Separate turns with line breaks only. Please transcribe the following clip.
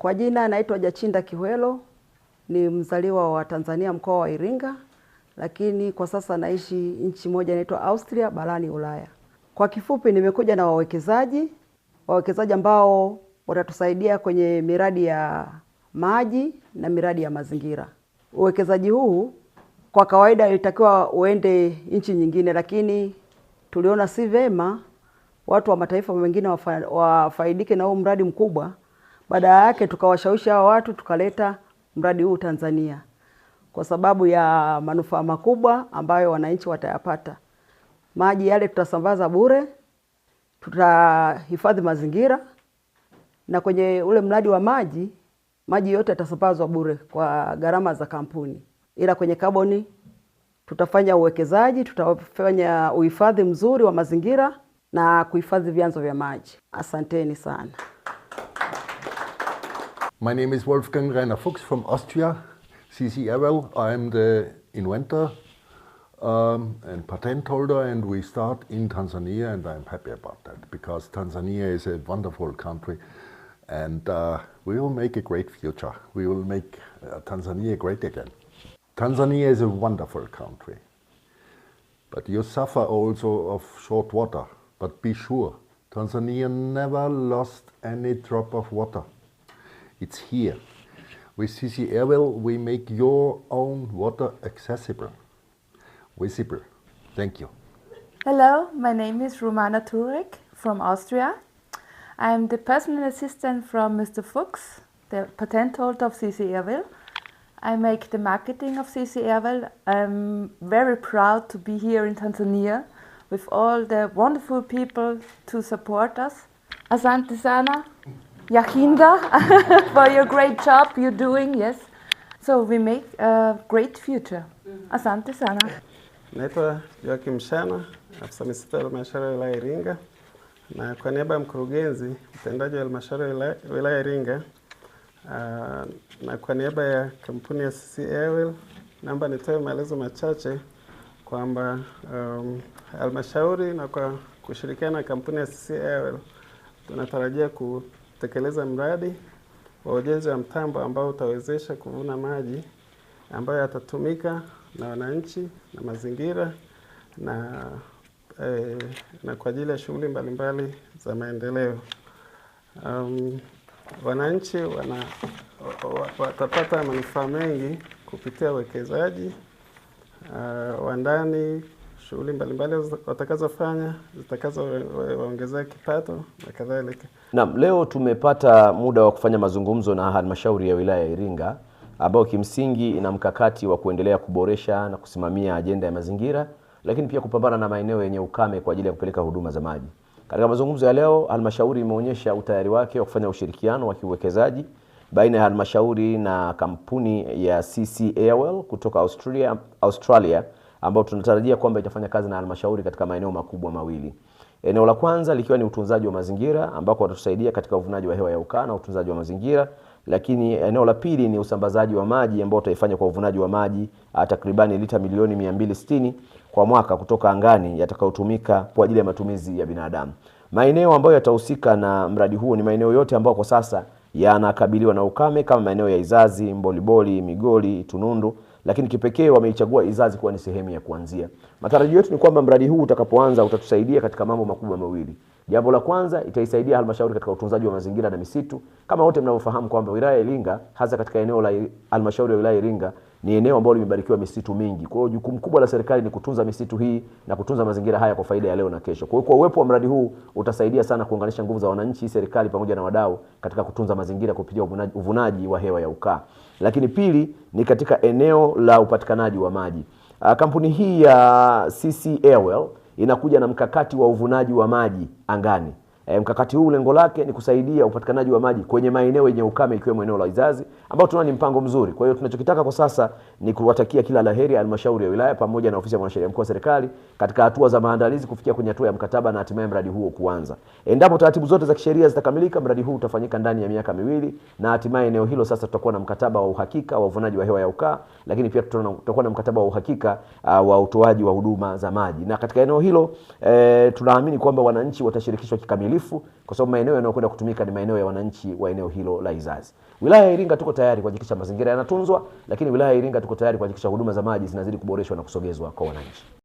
Kwa jina naitwa Jachinda Kiwelo, ni mzaliwa wa Tanzania mkoa wa Iringa, lakini kwa sasa naishi nchi moja inaitwa Austria barani Ulaya. Kwa kifupi, nimekuja na wawekezaji, wawekezaji ambao watatusaidia kwenye miradi ya maji na miradi ya mazingira. Uwekezaji huu kwa kawaida ilitakiwa uende nchi nyingine, lakini tuliona si vema watu wa mataifa mengine wafaidike na huu mradi mkubwa baada yake tukawashawishi hawa watu tukaleta mradi huu Tanzania kwa sababu ya manufaa makubwa ambayo wananchi watayapata. Maji yale tutasambaza bure, tutahifadhi mazingira, na kwenye ule mradi wa maji, maji yote yatasambazwa bure kwa gharama za kampuni, ila kwenye kaboni tutafanya uwekezaji, tutafanya uhifadhi mzuri wa mazingira na kuhifadhi vyanzo vya maji. Asanteni sana.
My name is Wolfgang Rainer Fuchs from Austria, CCRL. I'm the inventor um, and patent holder, and we start in Tanzania, and I'm happy about that because Tanzania is a wonderful country, and uh, we will make a great future. We will make uh, Tanzania great again. Tanzania is a wonderful country, but you suffer also of short water. But be sure, Tanzania never lost any drop of water. It's here. With CC Airwell, we make your own water accessible, visible. Thank you.
Hello, my name is Romana Turek from Austria. I am the personal assistant from Mr. Fuchs, the patent holder of CC Airwell. I make the marketing of CC Airwell. I'm very proud to be here in Tanzania with all the wonderful people to support us. Asante sana. Yahinda, for your great job you're doing, yes. So we make a great future. Mm-hmm. Asante sana.
Naitwa Joakim Shana, afisa misitu ya halmashauri ya wilaya Iringa, na kwa niaba ya mkurugenzi mtendaji wa halmashauri ya wilaya Iringa ah, na kwa niaba ya kampuni ya CC Airwell, naomba nitoe maelezo machache kwamba um, halmashauri um, na kwa kushirikiana na kampuni ya CC Airwell tunatarajia ku tekeleza mradi wa ujenzi wa mtambo ambao utawezesha kuvuna maji ambayo yatatumika na wananchi na mazingira na eh, na kwa ajili ya shughuli mbalimbali za maendeleo. Um, wananchi wana watapata manufaa mengi kupitia uwekezaji uh, wa ndani shughuli mbalimbali watakazofanya zitakazowaongezea kipato na kadhalika.
Naam, leo tumepata muda wa kufanya mazungumzo na halmashauri ya wilaya ya Iringa ambayo kimsingi ina mkakati wa kuendelea kuboresha na kusimamia ajenda ya mazingira, lakini pia kupambana na maeneo yenye ukame kwa ajili ya kupeleka huduma za maji. Katika mazungumzo ya leo, halmashauri imeonyesha utayari wake wa kufanya ushirikiano wa kiuwekezaji baina ya halmashauri na kampuni ya CC Airwell kutoka Australia, Australia ambayo tunatarajia kwamba itafanya kazi na halmashauri katika maeneo makubwa mawili. Eneo la kwanza likiwa ni utunzaji wa mazingira ambako watatusaidia katika uvunaji wa hewa ya ukaa na utunzaji wa mazingira, lakini eneo la pili ni usambazaji wa maji ambao utaifanya kwa uvunaji wa maji ah, takribani lita milioni 260 kwa mwaka kutoka angani yatakayotumika kwa ajili ya matumizi ya binadamu. Maeneo ambayo yatahusika na mradi huo ni maeneo yote ambayo kwa sasa yanakabiliwa na ukame kama maeneo ya Izazi, Mboliboli, Migoli, Tunundu lakini kipekee wameichagua Izazi kuwa ni sehemu ya kuanzia. Matarajio yetu ni kwamba mradi huu utakapoanza utatusaidia katika mambo makubwa mawili. Jambo la kwanza, itaisaidia halmashauri katika utunzaji wa mazingira na misitu. Kama wote mnavyofahamu kwamba wilaya ya Iringa hasa katika eneo la halmashauri ya wilaya Iringa ni eneo ambalo limebarikiwa misitu mingi. Kwa hiyo jukumu kubwa la serikali ni kutunza misitu hii na kutunza mazingira haya kwa faida ya leo na kesho. Kwa hiyo kwa uwepo wa mradi huu utasaidia sana kuunganisha nguvu za wananchi, serikali pamoja na wadau katika kutunza mazingira kupitia uvunaji, wa hewa ya ukaa. Lakini pili ni katika eneo la upatikanaji wa maji. Ah, kampuni hii ya CC Airwell inakuja na mkakati wa uvunaji wa maji angani. E, mkakati huu lengo lake ni kusaidia upatikanaji wa maji kwenye maeneo yenye ukame ikiwemo eneo la Izazi ambao tunaona ni mpango mzuri. Kwa hiyo tunachokitaka kwa sasa ni kuwatakia kila laheri halmashauri ya wilaya pamoja na ofisi ya mwanasheria mkuu wa serikali katika hatua za maandalizi kufikia kwenye hatua ya mkataba na hatimaye mradi huo kuanza. Endapo taratibu zote za kisheria zitakamilika, mradi huu utafanyika ndani ya miaka miwili na hatimaye eneo hilo sasa tutakuwa na mkataba wa uhakika wa uvunaji wa hewa ya ukaa, lakini pia tutakuwa na mkataba wa uhakika uh, wa utoaji wa huduma za maji. Na katika eneo hilo eh, tunaamini kwamba wananchi watashirikishwa kikamilifu uharibifu kwa sababu maeneo yanayokwenda kutumika ni maeneo ya wananchi wa eneo hilo la Izazi. Wilaya ya Iringa tuko tayari kuhakikisha mazingira yanatunzwa, lakini wilaya ya Iringa tuko tayari kuhakikisha huduma za maji zinazidi kuboreshwa na kusogezwa kwa wananchi.